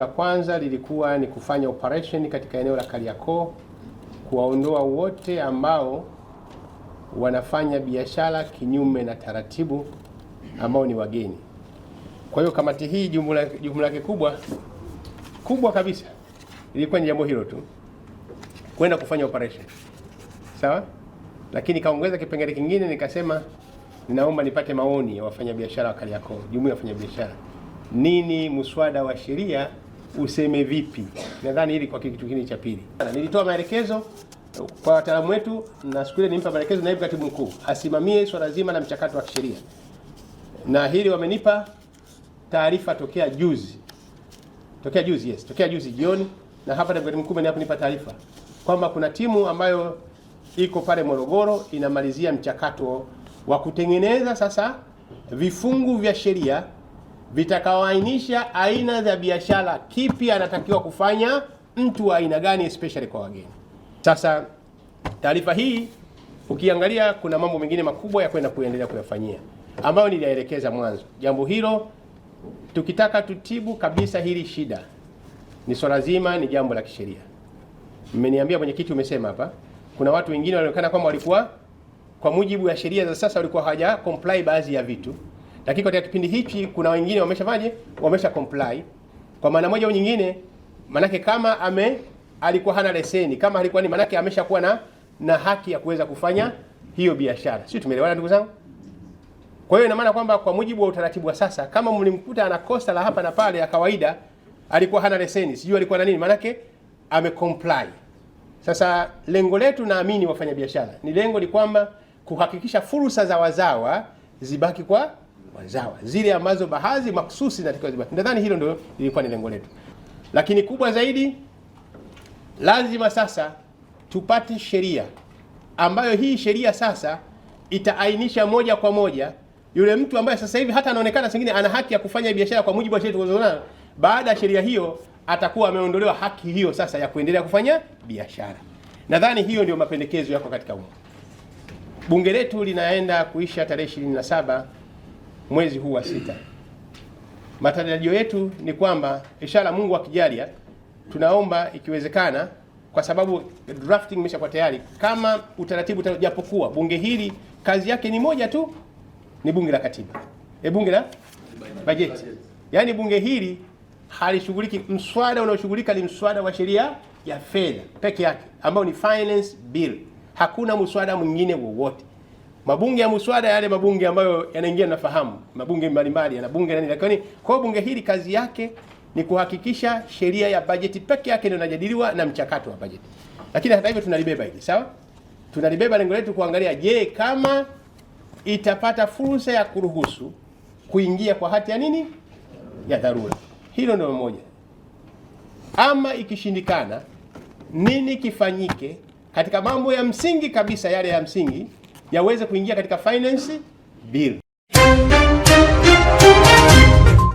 La kwanza lilikuwa ni kufanya operation katika eneo la Kariakoo kuwaondoa wote ambao wanafanya biashara kinyume na taratibu ambao ni wageni. Kwa hiyo kamati hii jumla jumla yake kubwa kubwa kabisa ilikuwa ni jambo hilo tu, kwenda kufanya operation sawa. Lakini kaongeza kipengele kingine, nikasema ninaomba nipate maoni ya wafanyabiashara wa Kariakoo, jumuiya ya wafanyabiashara, nini muswada wa sheria useme vipi. Nadhani hili kwa kitu kingine cha pili, nilitoa maelekezo kwa wataalamu wetu, na siku ile nimpa maelekezo naibu katibu mkuu asimamie swala zima la mchakato wa kisheria, na hili wamenipa taarifa tokea juzi, tokea juzi, yes, tokea juzi jioni, na hapa naibu katibu mkuu amenipa taarifa kwamba kuna timu ambayo iko pale Morogoro inamalizia mchakato wa kutengeneza sasa vifungu vya sheria vitakaoainisha aina za biashara, kipi anatakiwa kufanya mtu wa aina gani, especially kwa wageni. Sasa taarifa hii ukiangalia, kuna mambo mengine makubwa ya kwenda kuendelea kuyafanyia ambayo nilielekeza mwanzo. Jambo hilo tukitaka tutibu kabisa hili shida, ni swala zima, ni jambo la kisheria. Mmeniambia mwenyekiti, umesema hapa kuna watu wengine walionekana kwamba walikuwa kwa mujibu wa sheria za sasa walikuwa hawaja comply baadhi ya vitu. Lakini katika kipindi hichi kuna wengine wameshafanyaje? Wamesha comply kwa maana moja au nyingine, manake kama ame alikuwa hana leseni, kama alikuwa ni manake ameshakuwa na na haki ya kuweza kufanya hiyo biashara. Sio, tumeelewana ndugu zangu? Kwa hiyo ina maana kwamba kwa mujibu wa utaratibu wa sasa, kama mlimkuta anakosa la hapa na pale ya kawaida, alikuwa hana leseni, sijui alikuwa na nini, manake ame comply. Sasa lengo letu naamini wafanyabiashara ni lengo ni kwamba kuhakikisha fursa za wazawa zibaki kwa wazawa, zile ambazo baadhi makususi zinatakiwa zibaki. Nadhani hilo ndio lilikuwa ni lengo letu, lakini kubwa zaidi, lazima sasa tupate sheria ambayo hii sheria sasa itaainisha moja kwa moja yule mtu ambaye sasa hivi hata anaonekana singine ana haki ya kufanya biashara kwa mujibu wa sheria tulizonazo. Baada ya sheria hiyo atakuwa ameondolewa haki hiyo sasa ya kuendelea kufanya biashara. Nadhani hiyo ndio mapendekezo yako katika umo. Bunge letu linaenda kuisha tarehe 27 mwezi huu wa sita. Matarajio yetu ni kwamba inshallah, Mungu akijalia, tunaomba ikiwezekana, kwa sababu drafting imeshakuwa tayari, kama utaratibu japokuwa bunge hili kazi yake ni moja tu, ni bunge la katiba e, bunge la bajeti. Yaani bunge hili halishughuliki, mswada unaoshughulika ni mswada wa sheria ya fedha peke yake, ambao ni finance bill. Hakuna mswada mwingine wowote Mabunge ya muswada yale mabunge ambayo yanaingia, nafahamu mabunge mbalimbali yana bunge nani, lakini kwa bunge hili kazi yake ni kuhakikisha sheria ya bajeti peke yake ndio inajadiliwa na mchakato wa bajeti. Lakini hata hivyo tunalibeba hili, sawa? Tunalibeba lengo letu kuangalia, je, kama itapata fursa ya kuruhusu kuingia kwa hati ya nini ya dharura, hilo ndio moja. Ama ikishindikana, nini kifanyike katika mambo ya msingi kabisa, yale ya msingi yaweze kuingia katika finance bill.